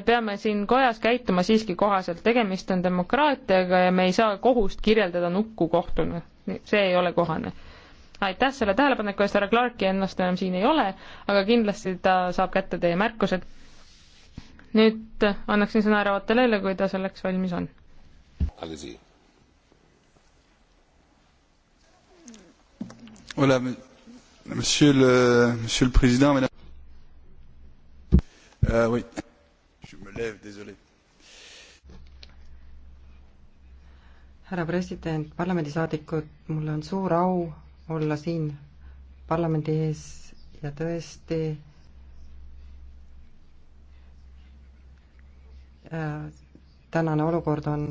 me peame siin kojas käituma siiski kohaselt, tegemist on demokraatiaga ja me ei saa kohust kirjeldada nukku kohtuna. see ei ole kohane. aitäh selle tähelepaneku eest, härra Clarki ennast enam siin ei ole, aga kindlasti ta saab kätte teie märkused. nüüd annaksin sõna härra Otelele, kui ta selleks valmis on. Voilà, monsieur le, monsieur le président, madame. Euh, oui härra president, parlamendisaadikud, mul on suur au olla siin parlamendi ees ja tõesti äh, tänane olukord on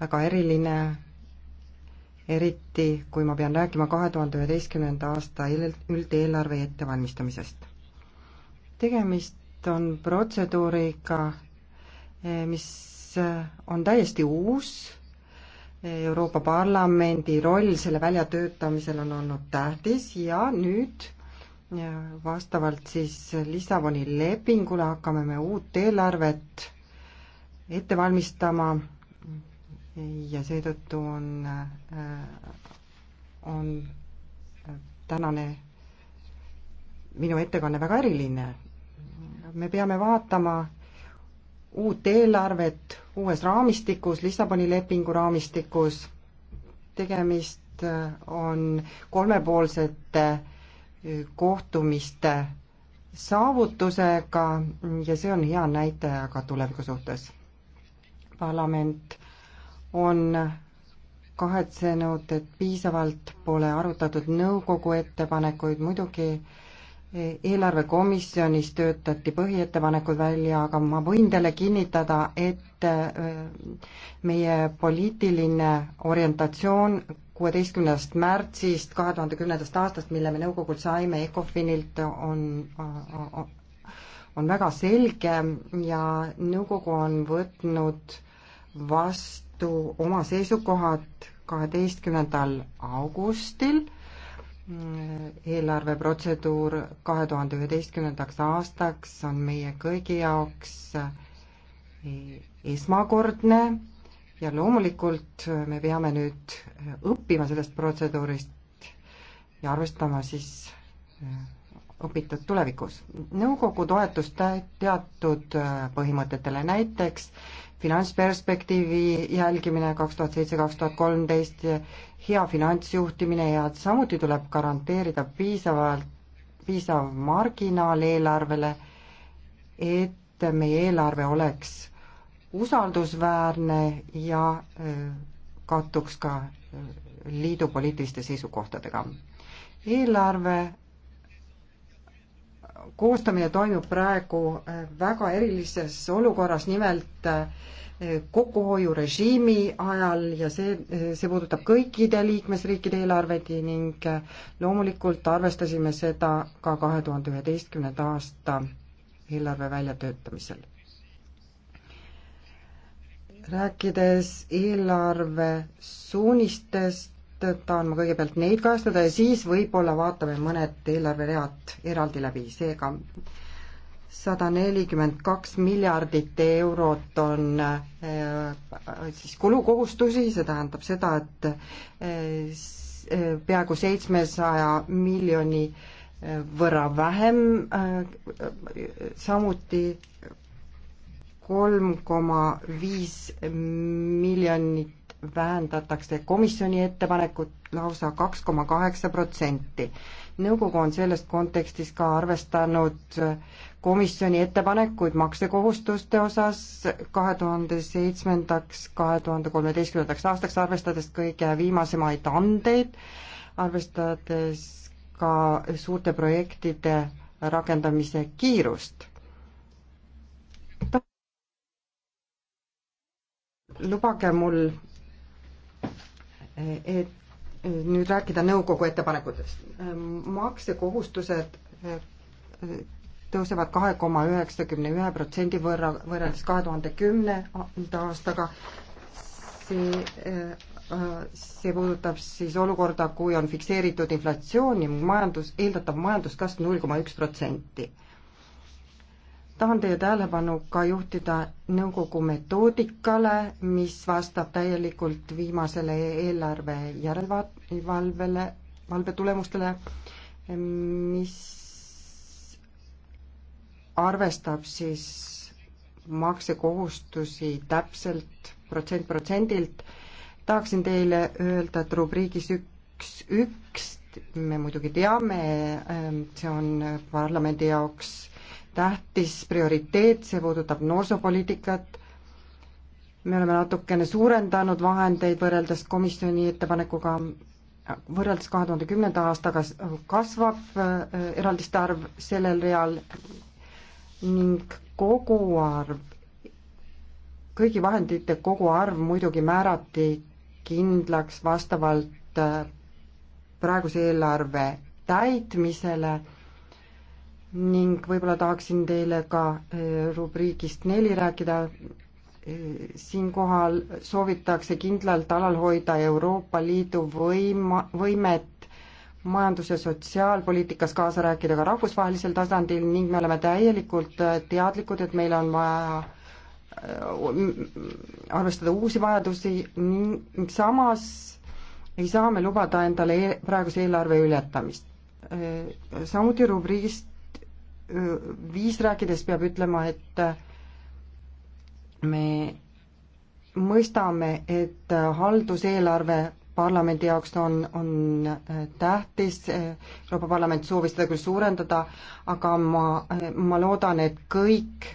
väga eriline, eriti kui ma pean rääkima kahe tuhande üheteistkümnenda aasta üldeelarve ettevalmistamisest. tegemist on protseduuriga, eh, mis eh, on täiesti uus, eh, Euroopa Parlamendi roll selle väljatöötamisel on olnud tähtis ja nüüd vastavalt siis Lissaboni lepingule hakkame me uut eelarvet ette valmistama ja seetõttu on, on tänane minu ettekanne väga eriline me peame vaatama uut eelarvet uues raamistikus, Lissaboni lepingu raamistikus, tegemist äh, on kolmepoolsete äh, kohtumiste saavutusega ja see on hea näitaja ka tuleviku suhtes. parlament on kahetsenud, et piisavalt pole arutatud nõukogu ettepanekuid, muidugi äh, eelarvekomisjonis töötati põhiettepanekud välja, aga ma võin teile kinnitada, et äh, meie poliitiline orientatsioon kuueteistkümnendast märtsist kahe tuhande kümnendast aastast, mille me nõukogult saime ECOFINilt, on, on väga selge ja nõukogu on võtnud vastu oma seisukohad kaheteistkümnendal augustil eelarveprotseduur kahe tuhande üheteistkümnendaks aastaks on meie kõigi jaoks esmakordne ja loomulikult me peame nüüd õppima sellest protseduurist ja arvestama siis äh, õpitud tulevikus. nõukogu toetus teatud äh, põhimõtetele, näiteks finantsperspektiivi jälgimine kaks tuhat seitse, kaks tuhat kolmteist, hea finantsjuhtimine ja samuti tuleb garanteerida piisavalt, piisav marginaal eelarvele, et meie eelarve oleks usaldusväärne ja äh, kattuks ka äh, liidu poliitiliste seisukohtadega. eelarve koostamine toimub praegu äh, väga erilises olukorras, nimelt äh, kokkuhoiurežiimi ajal ja see, äh, see puudutab kõikide liikmesriikide eelarveid ning loomulikult arvestasime seda ka kahe tuhande üheteistkümnenda aasta eelarve väljatöötamisel. rääkides eelarve suunistest, tahan ma kõigepealt neid kajastada ja siis võib-olla vaatame mõned eelarveread eraldi läbi, seega sada nelikümmend kaks miljardit eurot on äh, siis kulukohustusi, see tähendab seda, et äh, peaaegu seitsmesaja miljoni äh, võrra vähem, samuti kolm koma viis miljonit vähendatakse komisjoni ettepanekut lausa kaks koma kaheksa protsenti. nõukogu on selles kontekstis ka arvestanud komisjoni ettepanekuid maksekohustuste osas kahe tuhande seitsmendaks, kahe tuhande kolmeteistkümnendaks aastaks, arvestades kõige viimasemaid andeid, arvestades ka suurte projektide rakendamise kiirust lubage mul et nüüd rääkida nõukogu ettepanekutest. maksekohustused eh, tõusevad kahe koma üheksakümne ühe protsendi võrra, võrreldes kahe tuhande kümnenda aastaga. see, eh, see puudutab siis olukorda, kui on fikseeritud inflatsioon ja majandus, eeldatav majanduskasv null koma üks protsenti tahan teie tähelepanu ka juhtida nõukogu metoodikale, mis vastab täielikult viimasele eelarve järelevalvele, valvetulemustele, mis arvestab siis maksekohustusi täpselt protsent protsendilt. tahaksin teile öelda, et rubriigis üks, üks me muidugi teame, see on parlamendi jaoks tähtis prioriteet, see puudutab noorsoopoliitikat, me oleme natukene suurendanud vahendeid võrreldes komisjoni ettepanekuga, võrreldes kahe tuhande kümnenda aastaga kasvab äh, eraldiste arv sellel real ning koguarv, kõigi vahendite koguarv muidugi määrati kindlaks vastavalt äh, praeguse eelarve täitmisele ning võib-olla tahaksin teile ka äh, rubriigist neli rääkida. Äh, siinkohal soovitakse kindlalt alal hoida Euroopa Liidu võima, võimet majandus- ja sotsiaalpoliitikas kaasa rääkida ka rahvusvahelisel tasandil ning me oleme täielikult äh, teadlikud, et meil on vaja arvestada uusi vajadusi ning samas ei saa me lubada endale e-, praeguse eelarve ületamist. samuti rubriigist viis rääkides peab ütlema, et me mõistame, et halduseelarve parlamendi jaoks on, on tähtis, Euroopa Parlament soovis seda küll suurendada, aga ma, ma loodan, et kõik,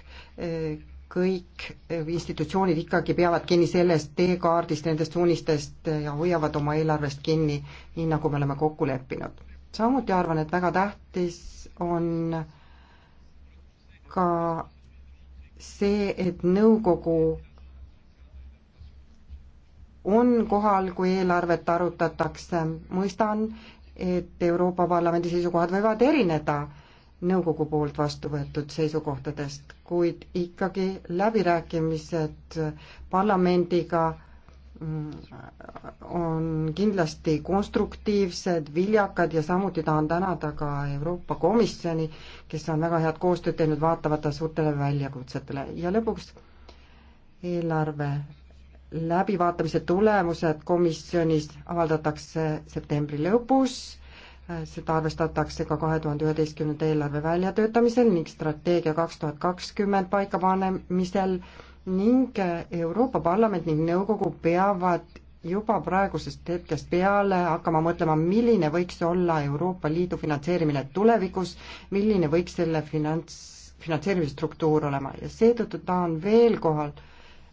kõik institutsioonid ikkagi peavad kinni sellest teekaardist, nendest suunistest ja hoiavad oma eelarvest kinni, nii nagu me oleme kokku leppinud. samuti arvan, et väga tähtis on äh, ka see, et nõukogu on kohal, kui eelarvet arutatakse, mõistan, et Euroopa Parlamendi seisukohad võivad erineda nõukogu poolt vastu võetud seisukohtadest, kuid ikkagi läbirääkimised parlamendiga on kindlasti konstruktiivsed, viljakad ja samuti tahan tänada ka Euroopa Komisjoni, kes on väga head koostööd teinud, vaatamata suurtele väljakutsetele ja lõpuks eelarve läbivaatamise tulemused komisjonis avaldatakse septembri lõpus, seda arvestatakse ka kahe tuhande üheteistkümnenda eelarve väljatöötamisel ning strateegia kaks tuhat kakskümmend paikapanemisel ning Euroopa Parlament ning nõukogu peavad juba praegusest hetkest peale hakkama mõtlema, milline võiks olla Euroopa Liidu finantseerimine tulevikus, milline võiks selle finants, finantseerimise struktuur olema ja seetõttu tahan veel kohal,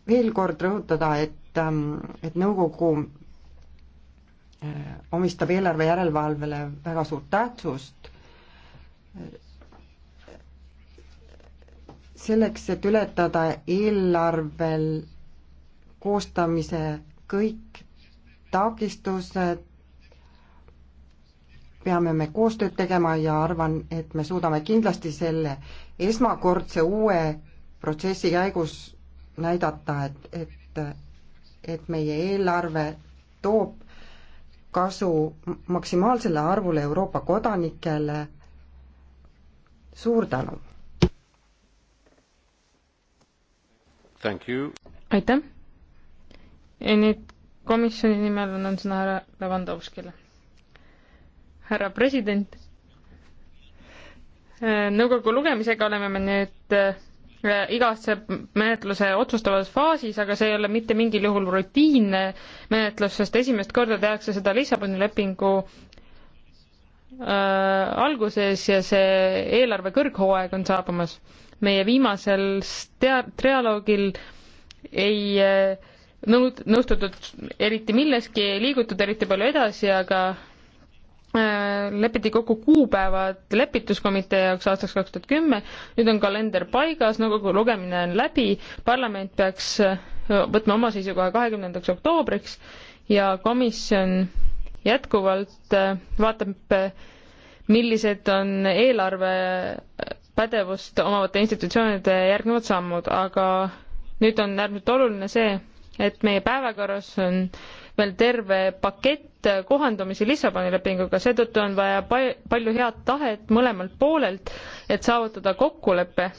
veel kord rõhutada, et, ähm, et nõukogu äh, omistab eelarve järelevalvele väga suurt tähtsust selleks, et ületada eelarvel koostamise kõik takistused, peame me koostööd tegema ja arvan, et me suudame kindlasti selle esmakordse uue protsessi käigus näidata, et, et, et meie eelarve toob kasu maksimaalsele arvule Euroopa kodanikele. suur tänu! aitäh. ja nüüd komisjoni nimel annan sõna härra Levandovskile. härra president, äh, nõukogu lugemisega oleme me nüüd äh, iga-aastase menetluse otsustavas faasis, aga see ei ole mitte mingil juhul rutiinne menetlus, sest esimest korda tehakse seda Lissaboni lepingu äh, alguses ja see eelarve kõrghooaeg on saabumas meie viimasel trialoogil ei eh, nõud-, nõustutud eriti milleski, ei liigutud eriti palju edasi, aga eh, lepiti kokku kuupäevad lepituskomitee jaoks aastaks kaks tuhat kümme, nüüd on kalender paigas, nõukogu lugemine on läbi, parlament peaks eh, võtma oma seisukoha kahekümnendaks oktoobriks ja komisjon jätkuvalt vaatab, millised on eelarve pädevust omavate institutsioonide järgnevad sammud, aga nüüd on äärmiselt oluline see, et meie päevakorras on veel terve pakett kohandumisi Lissaboni lepinguga, seetõttu on vaja palju head tahet mõlemalt poolelt, et saavutada kokkulepe.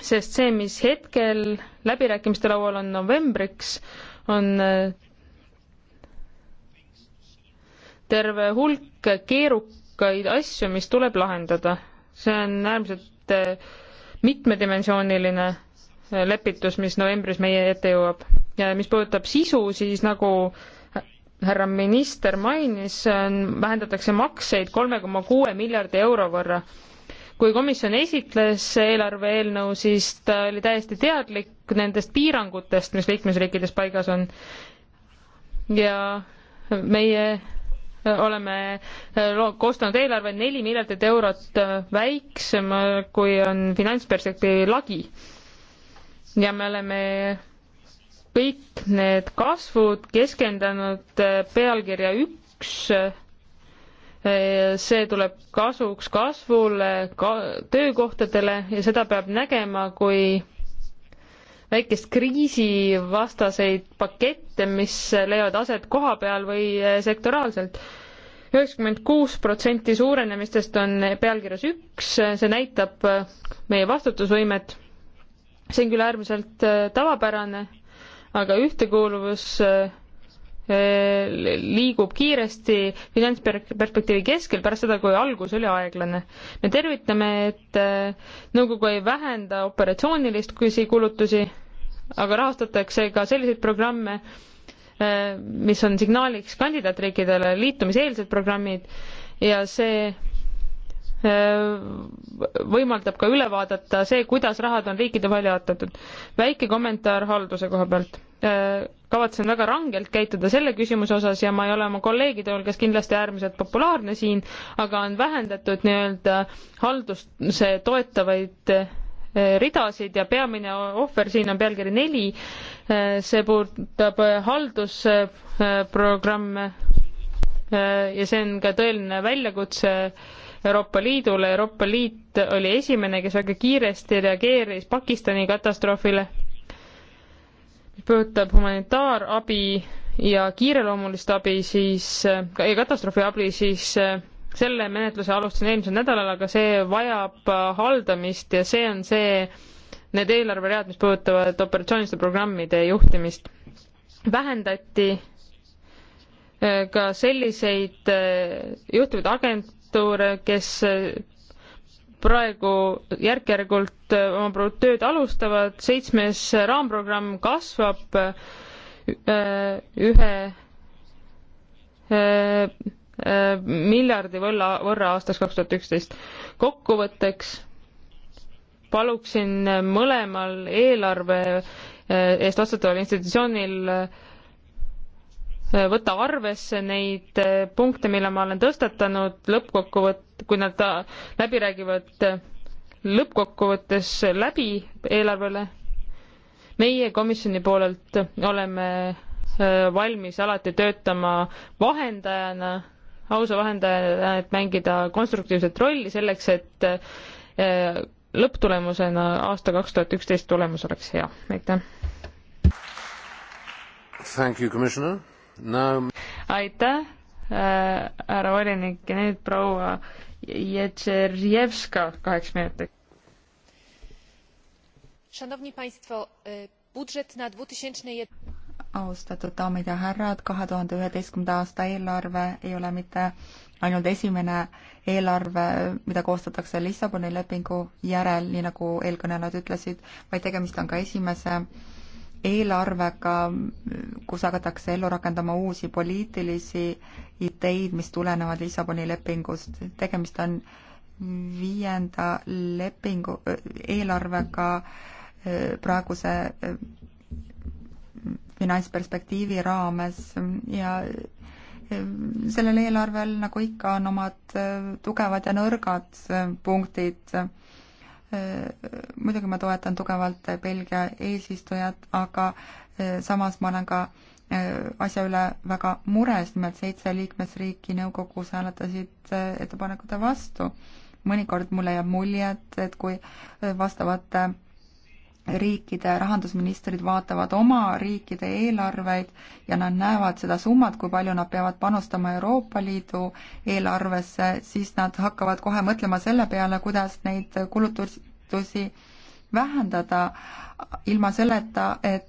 sest see, mis hetkel läbirääkimiste laual on novembriks, on äh, terve hulk keerukaid asju, mis tuleb lahendada see on äärmiselt eh, mitmedimensiooniline eh, lepitus, mis novembris meie ette jõuab. ja mis puudutab sisu, siis nagu härra minister mainis, vähendatakse makseid kolme koma kuue miljardi euro võrra. kui komisjon esitles eelarve eelnõu, siis ta oli täiesti teadlik nendest piirangutest, mis liikmesriikides paigas on. ja meie oleme äh, koostanud eelarve neli miljardit eurot äh, väiksem, äh, kui on finantsperspektiivi lagi. ja me oleme kõik need kasvud keskendanud pealkirja üks, see tuleb kasuks kasvule ka, töökohtadele ja seda peab nägema kui väikest kriisivastaseid pakette, mis leiavad aset koha peal või eh, sektoraalselt. üheksakümmend kuus protsenti suurenemistest on pealkirjas üks, see näitab eh, meie vastutusvõimet. see on küll äärmiselt eh, tavapärane, aga ühtekuuluvus Äh, liigub kiiresti finantsperspektiivi keskel pärast seda, kui algus oli aeglane. me tervitame, et äh, nõukogu ei vähenda operatsioonilist kulutusi, aga rahastatakse ka selliseid programme, äh, mis on signaaliks kandidaatriikidele, liitumiseelsed programmid ja see võimaldab ka üle vaadata see, kuidas rahad on riikide välja jaotatud. väike kommentaar halduse koha pealt Äh, kavatsen väga rangelt käituda selle küsimuse osas ja ma ei ole oma kolleegide hulgas kindlasti äärmiselt populaarne siin, aga on vähendatud nii-öelda halduse toetavaid äh, ridasid ja peamine ohver siin on pealkiri neli. Äh, see puudutab haldusprogramme ja see on ka tõeline väljakutse Euroopa Liidule. Euroopa Liit oli esimene, kes väga kiiresti reageeris Pakistani katastroofile puudutab humanitaarabi ja kiireloomulist abi, siis ka ja katastroofiabi, siis eh, selle menetluse alustasin eelmisel nädalal, aga see vajab eh, haldamist ja see on see, need eelarveread, mis puudutavad operatsiooniliste programmide juhtimist. vähendati eh, ka selliseid juhtuvaid agentuure, kes praegu järk-järgult äh, oma tööd alustavad, seitsmes raamprogramm kasvab äh, ühe äh, miljardi võlla, võrra aastast kaks tuhat üksteist. kokkuvõtteks paluksin mõlemal eelarve eest vastutaval institutsioonil võta arvesse neid eh, punkte, mille ma olen tõstatanud lõppkokkuvõtt-, kui nad läbi räägivad eh, lõppkokkuvõttes läbi eelarvele. meie komisjoni poolelt oleme eh, valmis alati töötama vahendajana, ausa vahendajana, et mängida konstruktiivset rolli selleks, et lõpptulemusena aasta kaks tuhat üksteist tulemus oleks hea. aitäh! Thank you, Commissioner no. aitäh, äh, härra volinik ja nüüd proua Jetšerjevska kaheks minutiks. Szanowni Państwo, budżet na 2001 austatud daamid ja härrad, kahe tuhande üheteistkümnenda aasta eelarve ei ole mitte ainult esimene eelarve, mida koostatakse Lissaboni lepingu järel, nii nagu eelkõnelejad ütlesid, vaid tegemist on ka esimese eelarvega, kus hakatakse ellu rakendama uusi poliitilisi ideid, mis tulenevad Lissaboni lepingust. tegemist on viienda lepingu, eelarvega eh, praeguse eh, finantsperspektiivi raames ja eh, sellel eelarvel, nagu ikka, on omad tugevad ja nõrgad punktid muidugi ma toetan tugevalt Belgia eesistujat, aga e, samas ma olen ka e, asja üle väga mures, nimelt seitse liikmesriiki nõukogus hääletasid e, ettepanekute vastu. mõnikord mulle jääb mulje, et, et kui vastavate riikide rahandusministrid vaatavad oma riikide eelarveid ja nad näevad seda summat, kui palju nad peavad panustama Euroopa Liidu eelarvesse, siis nad hakkavad kohe mõtlema selle peale, kuidas neid kulutusi vähendada, ilma selleta, et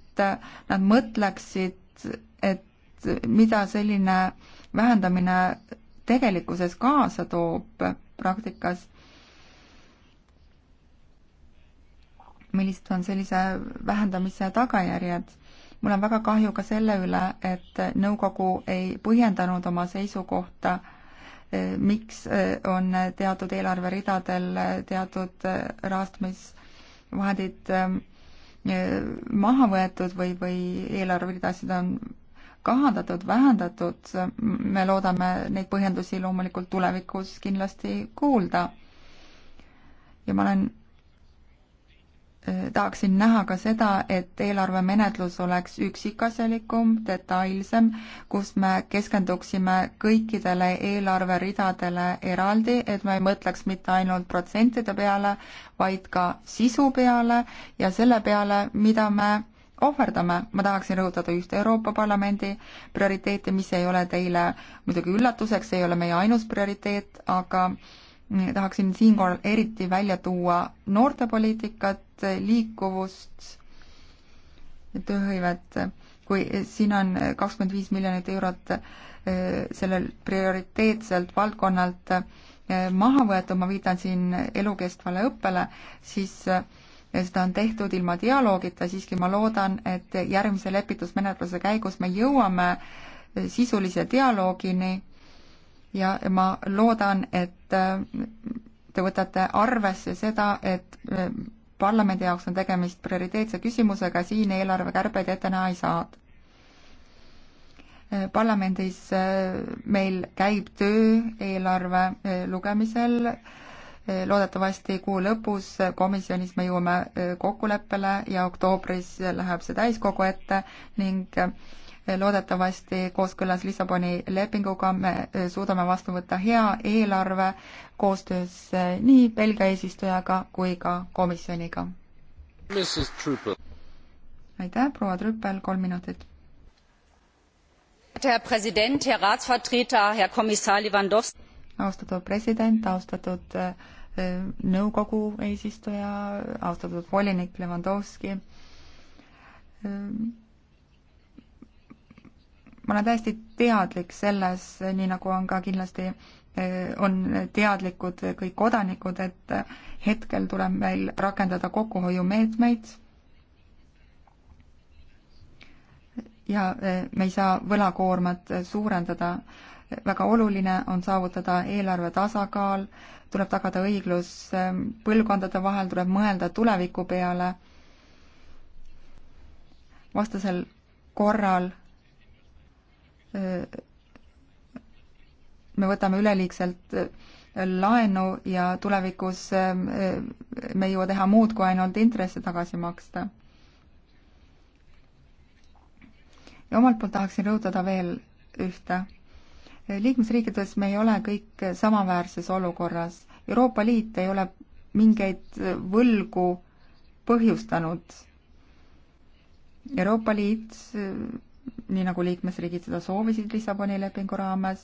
nad mõtleksid, et mida selline vähendamine tegelikkuses kaasa toob praktikas millised on sellise vähendamise tagajärjed. mul on väga kahju ka selle üle, et nõukogu ei põhjendanud oma seisukohta, e, miks e, on teatud eelarveridadel teatud e, rahastamisvahendid maha võetud või, või eelarveridasid on kahandatud, vähendatud, me loodame neid põhjendusi loomulikult tulevikus kindlasti kuulda. ja ma olen tahaksin näha ka seda, et eelarvemenetlus oleks üksikasjalikum, detailsem, kus me keskenduksime kõikidele eelarveridadele eraldi, et me ei mõtleks mitte ainult protsentide peale, vaid ka sisu peale ja selle peale, mida me ohverdame, ma tahaksin rõhutada ühte Euroopa Parlamendi prioriteeti, mis ei ole teile muidugi üllatuseks, ei ole meie ainus prioriteet, aga äh, tahaksin siinkohal eriti välja tuua noortepoliitikat, liikuvust, tööhõivet, kui siin on kakskümmend viis miljonit eurot eh, sellel prioriteetselt valdkonnalt eh, maha võetud, ma viitan siin elukestvale õppele, siis eh, seda on tehtud ilma dialoogita, siiski ma loodan, et järgmise lepitusmenetluse käigus me jõuame sisulise dialoogini ja ma loodan, et et äh, te võtate arvesse seda, et äh, parlamendi jaoks on tegemist prioriteetse küsimusega, siin eelarvekärbeid ette näha ei saa. Äh, parlamendis meil käib töö eelarve lugemisel, loodetavasti kuu lõpus komisjonis me jõuame kokkuleppele ja oktoobris läheb see täiskogu ette ning loodetavasti kooskõlas Lissaboni lepinguga me eh, suudame vastu võtta hea eelarve koostöös eh, nii Belgia eesistujaga kui ka komisjoniga. aitäh, proua Trüppel, kolm minutit. Herr Präsident, Herr Ratsvertreter, Herr Kommissar Lewandowski. austatud president, austatud eh, nõukogu eesistuja, austatud volinik Lewandowski ma olen täiesti teadlik selles, nii nagu on ka kindlasti, eh, on teadlikud kõik kodanikud, et hetkel tuleb meil rakendada kokkuhoiumeetmeid ja eh, me ei saa võlakoormat suurendada. väga oluline on saavutada eelarve tasakaal, tuleb tagada õiglus eh, põlvkondade vahel, tuleb mõelda tuleviku peale. vastasel korral me võtame üleliigselt laenu ja tulevikus eh, me ei jõua teha muud, kui ainult intresse tagasi maksta. ja omalt poolt tahaksin rõhutada veel ühte. liikmesriikides me ei ole kõik samaväärses olukorras. Euroopa Liit ei ole mingeid võlgu põhjustanud. Euroopa Liit nii nagu liikmesriigid seda soovisid Lissaboni lepingu raames,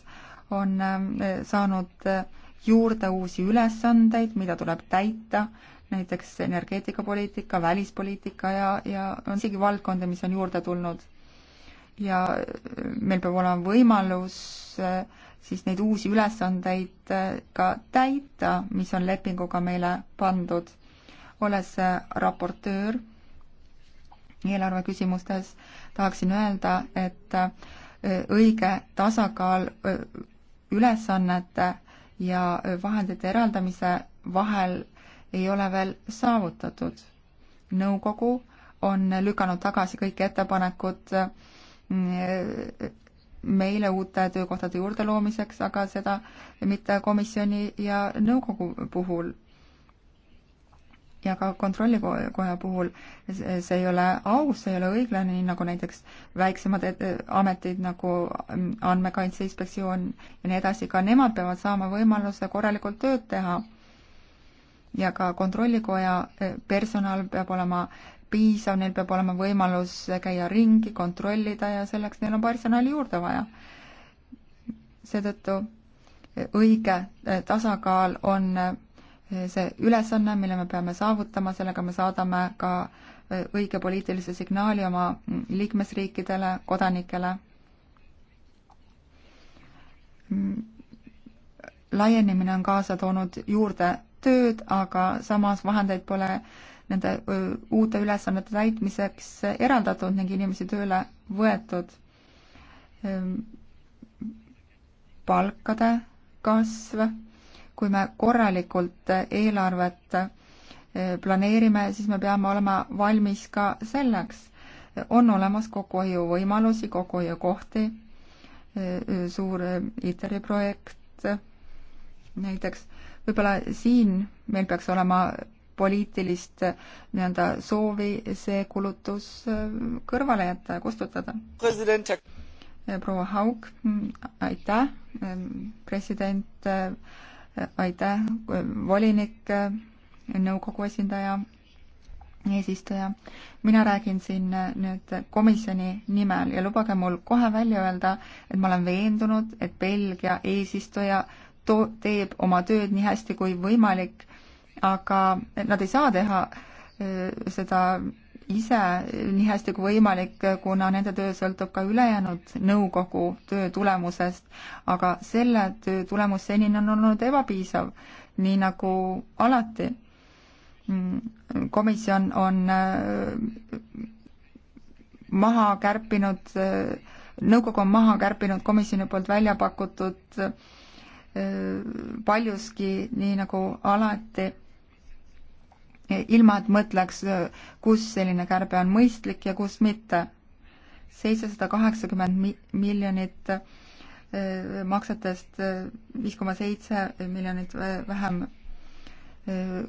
on eh, saanud eh, juurde uusi ülesandeid, mida tuleb täita, näiteks energeetikapoliitika, välispoliitika ja, ja on isegi valdkondi, mis on juurde tulnud. ja eh, meil peab olema võimalus siis neid uusi ülesandeid ka täita, mis on lepinguga meile pandud. olles raportöör eelarve küsimustes, tahaksin öelda, et äh, õige tasakaal äh, ülesannete ja äh, vahendite eraldamise vahel ei ole veel saavutatud. nõukogu on lükanud tagasi kõik ettepanekud meile uute töökohtade juurde loomiseks, aga seda mitte komisjoni ja nõukogu puhul ja ka kontrollikoja puhul see ei ole aus, see ei ole õiglane, nii nagu näiteks väiksemad ametid nagu mm, Andmekaitse Inspektsioon ja nii edasi, ka nemad peavad saama võimaluse korralikult tööd teha. ja ka kontrollikoja eh, personal peab olema piisav, neil peab olema võimalus käia ringi, kontrollida ja selleks neil on personali juurde vaja. seetõttu õige eh, tasakaal on eh, see ülesanne, mille me peame saavutama, sellega me saadame ka äh, õige poliitilise signaali oma mm, liikmesriikidele, kodanikele. Mm, laienemine on kaasa toonud juurde tööd, aga samas vahendeid pole nende uute ülesannete täitmiseks eraldatud ning inimesi tööle võetud. Ehm, palkade kasv kui me korralikult eelarvet eh, planeerime, siis me peame olema valmis ka selleks. on olemas kokkuhoiuvõimalusi, kokkuhoiukohti, eh, suur eh, ITER-i projekt näiteks. võib-olla siin meil peaks olema poliitilist nii-öelda soovi see kulutus kõrvale jätta ja kustutada. proua Haug, mm, aitäh, president aitäh, volinik, nõukogu esindaja, eesistuja. mina räägin siin nüüd komisjoni nimel ja lubage mul kohe välja öelda, et ma olen veendunud, et Belgia eesistuja to-, teeb oma tööd nii hästi kui võimalik, aga nad ei saa teha äh, seda ise nii hästi kui võimalik, kuna nende töö sõltub ka ülejäänud nõukogu töö tulemusest, aga selle töö tulemus senini on olnud ebapiisav, nii nagu alati. komisjon on äh, maha kärpinud, äh, nõukogu on maha kärpinud komisjoni poolt välja pakutud äh, paljuski, nii nagu alati ilma et mõtleks, kus selline kärbe on mõistlik ja kus mitte. seitsesada kaheksakümmend miljonit eh, maksetest eh, viis koma seitse miljonit eh, vähem.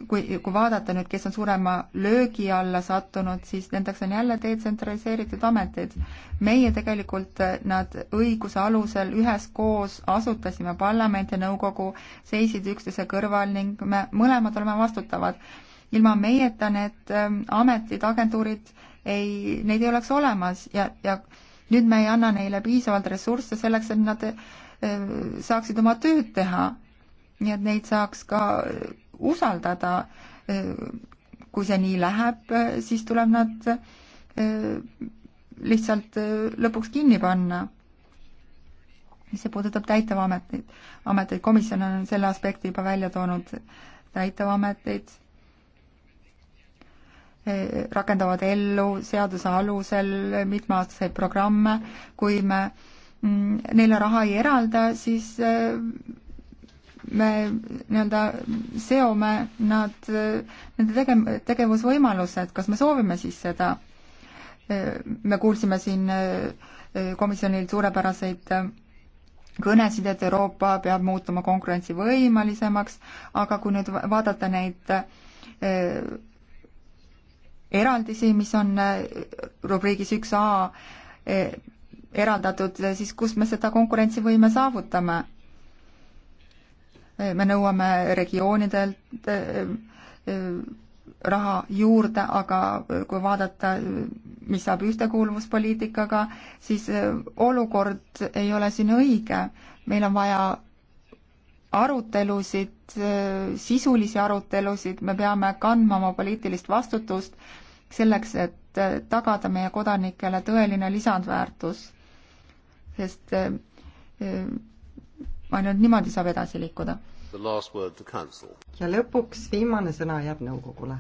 kui, kui vaadata nüüd, kes on suurema löögi alla sattunud, siis nendeks on jälle detsentraliseeritud ametid. meie tegelikult nad õiguse alusel üheskoos asutasime parlament ja nõukogu, seisid üksteise kõrval ning me mõlemad oleme vastutavad ilma meieta need ähm, ametid, agentuurid ei, neid ei oleks olemas ja, ja nüüd me ei anna neile piisavalt ressursse selleks, et nad äh, saaksid oma tööd teha. nii et neid saaks ka äh, usaldada. Äh, kui see nii läheb, siis tuleb nad lihtsalt lõpuks kinni panna. see puudutab täitevaameteid, ameteid, komisjon on selle aspekti juba välja toonud, täitevaameteid rakendavad ellu seaduse alusel mitmeaastaseid programme, kui me mm, neile raha ei eralda, siis eh, me nii-öelda seome nad, eh, nende tege-, tegevusvõimalused, kas me soovime siis seda? Eh, me kuulsime siin komisjonil suurepäraseid kõnesid, et Euroopa peab muutuma konkurentsivõimelisemaks, aga kui nüüd vaadata neid eraldisi, mis on eh, rubriigis üks A eh, eraldatud, eh, siis kus me seda konkurentsivõime saavutame? me nõuame regioonidelt raha juurde, aga kui vaadata, mis saab ühtekuuluvuspoliitikaga, siis olukord ei ole siin õige. meil on vaja arutelusid, sisulisi arutelusid, me peame kandma oma poliitilist vastutust selleks, et tagada meie kodanikele tõeline lisandväärtus. sest eh, ainult niimoodi saab edasi liikuda. ja lõpuks viimane sõna jääb nõukogule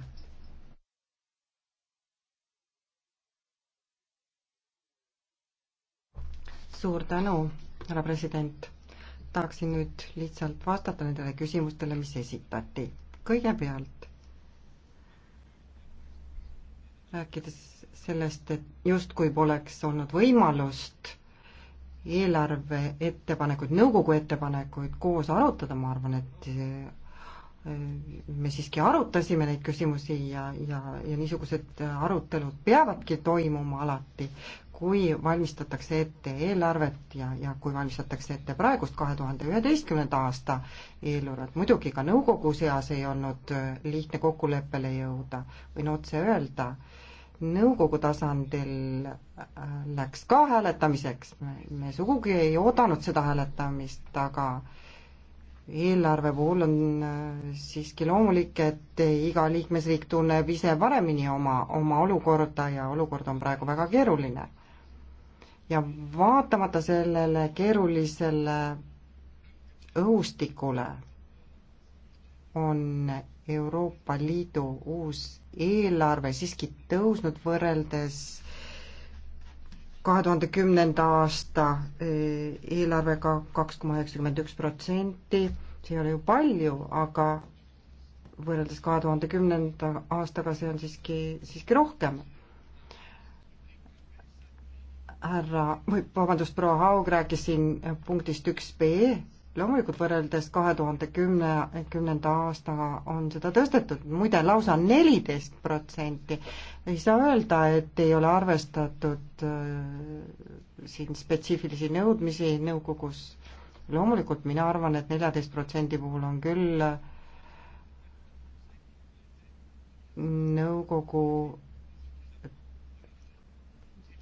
suur tänu, härra president tahaksin nüüd lihtsalt vastata nendele küsimustele, mis esitati. kõigepealt rääkides sellest, et justkui poleks olnud võimalust eelarve ettepanekuid, nõukogu ettepanekuid koos arutada, ma arvan, et äh, me siiski arutasime neid küsimusi ja, ja, ja niisugused arutelud peavadki toimuma alati, kui valmistatakse ette eelarvet ja, ja kui valmistatakse ette praegust kahe tuhande üheteistkümnenda aasta eelarvet, muidugi ka nõukogu seas ei olnud äh, lihtne kokkuleppele jõuda, võin otse öelda, nõukogu tasandil äh, läks ka hääletamiseks, me sugugi ei oodanud seda hääletamist, aga eelarve puhul on äh, siiski loomulik, et iga liikmesriik tunneb ise paremini oma, oma olukorda ja olukord on praegu väga keeruline ja vaatamata sellele keerulisele õhustikule on Euroopa Liidu uus eelarve siiski tõusnud võrreldes kahe tuhande kümnenda aasta e, eelarvega kaks koma üheksakümmend üks protsenti, see ei ole ju palju, aga võrreldes kahe tuhande kümnenda aastaga see on siiski, siiski rohkem härra, vabandust, proua Haug rääkis siin punktist üks B, loomulikult võrreldes kahe tuhande kümne, kümnenda aastaga on seda tõstetud, muide lausa neliteist protsenti. ei saa öelda, et ei ole arvestatud äh, siin spetsiifilisi nõudmisi nõukogus. loomulikult mina arvan, et neljateist protsendi puhul on küll äh, nõukogu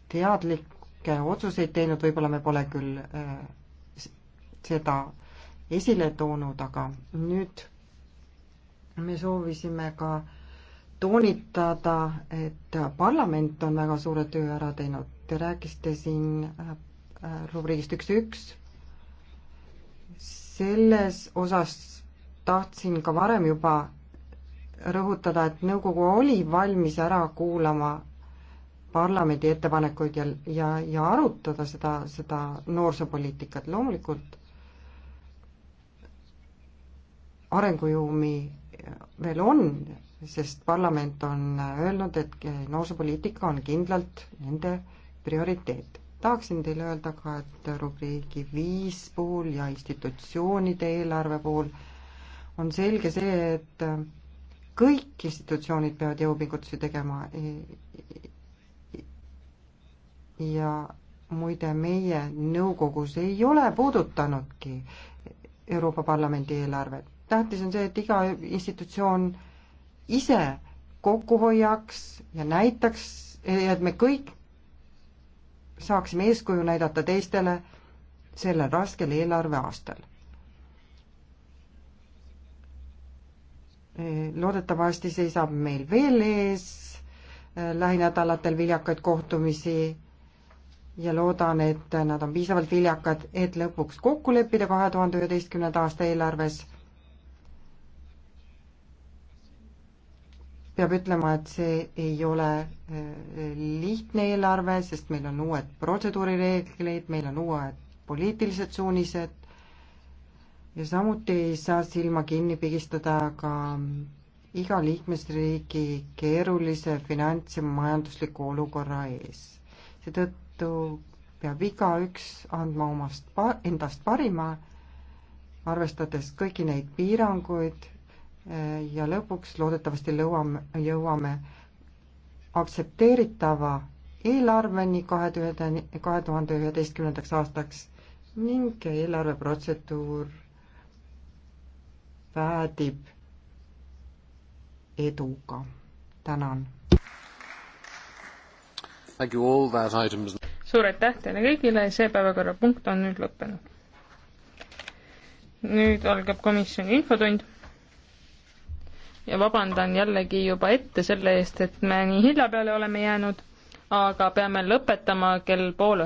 teadlik tarku otsuseid teinud, võib-olla me pole küll äh, seda esile toonud, aga nüüd me soovisime ka toonitada, et parlament on väga suure töö ära teinud. Te rääkisite siin äh, äh, rubriigist üks-üks. selles osas tahtsin ka varem juba rõhutada, et nõukogu oli valmis ära kuulama parlamendi ettepanekuid ja, ja, ja arutada seda, seda noorsoopoliitikat, loomulikult arengujuumi veel on, sest parlament on öelnud, et noorsoopoliitika on kindlalt nende prioriteet. tahaksin teile öelda ka, et rubriigi viis puhul ja institutsioonide eelarve puhul on selge see, et kõik institutsioonid peavad jõupingutusi tegema ja muide, meie nõukogus ei ole puudutanudki Euroopa Parlamendi eelarvet. tähtis on see, et iga institutsioon ise kokku hoiaks ja näitaks, et me kõik saaksime eeskuju näidata teistele sellel raskel eelarveaastal. loodetavasti seisab meil veel ees lähinädalatel viljakaid kohtumisi ja loodan, et nad on piisavalt viljakad, et lõpuks kokku leppida kahe tuhande üheteistkümnenda aasta eelarves. peab ütlema, et see ei ole äh, lihtne eelarve, sest meil on uued protseduurireegleid, meil on uued poliitilised suunised ja samuti ei saa silma kinni pigistada ka iga liikmesriigi keerulise finants- ja majandusliku olukorra ees. seetõttu seetõttu peab igaüks andma omast, endast parima, arvestades kõiki neid piiranguid eh, ja lõpuks loodetavasti lõuame, jõuame aktsepteeritava eelarveni kahe tuhande, kahe tuhande üheteistkümnendaks aastaks ning eelarveprotseduur päädib eduga. tänan suur aitäh teile kõigile, see päevakorrapunkt on nüüd lõppenud. nüüd algab komisjoni infotund ja vabandan jällegi juba ette selle eest, et me nii hilja peale oleme jäänud, aga peame lõpetama kell pool üheksa.